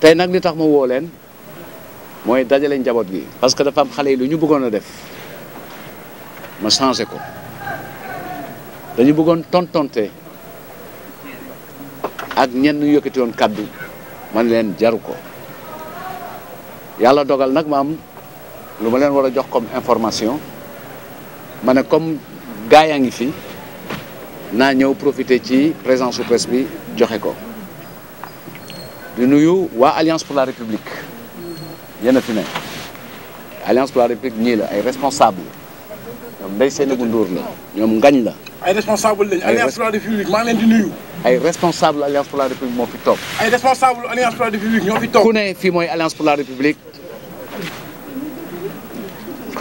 tey nag li tax ma woo leen mooy dajale njaboot bi parce que dafa am xale yi lu ñu bëggoon a def ma changé ko dañu bëggoon tontonte ak ñenn ñu yëkkati woon kàddu man leen jaru ko yàlla dogal nag maam lu ma leen war a jox comme information ma ne comme gaa yaa ngi fi naa ñëw profiter ci présence su presse bi joxe ko di nuyu waa Alliance pour la République yéen a fi ne Alliance pour la République ñii la ay responsable ñoom ndey Seynabou Ndour la ñoom ngañ la. ay responsable lañ alliance pour la république maa ngi leen alliance pour la république moo fi toog. ay responsable alliance pour la république ñoo fi toog. ku ne fii mooy alliance pour la république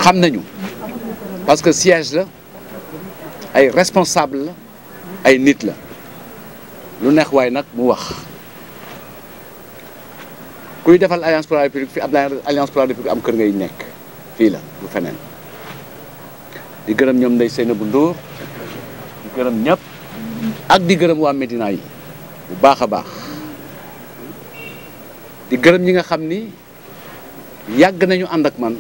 xam nañu parce que siège la ay responsable ay nit la lu neex waaye nag mu wax kuy defal alliance pour la république fi ab alliance pour la am kër ngay nekk fii la lu feneen. di gërëm ñoom Ndeye Seynabou Ndour di gërëm ñëpp ak di gërëm waa Médina yi bu baax a baax di gërëm ñi nga xam ni yàgg nañu ànd ak man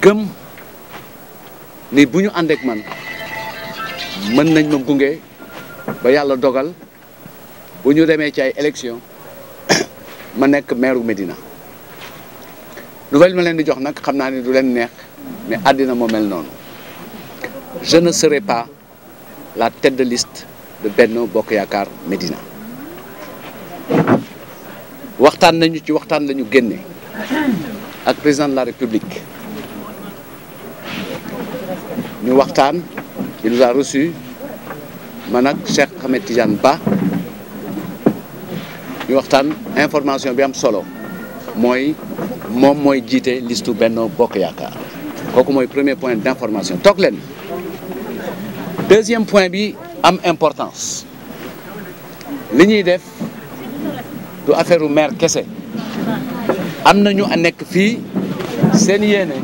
gëm ni bu ñu ànd ak man mën nañ ma gunge ba yàlla dogal bu ñu demee ci ay élection ma nekk meeru Médina nouvelle ma leen di jox nag xam naa ni du leen neex mais àddina moo mel noonu je ne serai pas la tête de liste de Benno Bokk Yaakaar Médina waxtaan nañu ci waxtaan lañu ñu génne ak président de la République ñu waxtaan il nous a reçu man ak Cheikh Ahmed Tidiane ñu waxtaan information bi am solo mooy moom mooy jiite listu Benno Bokk Yaakaar kooku mooy premier point d'information toog leen deuxième point bi am importance li ñuy def du affaire u maire kese am na ñu a nekk fii seen yéene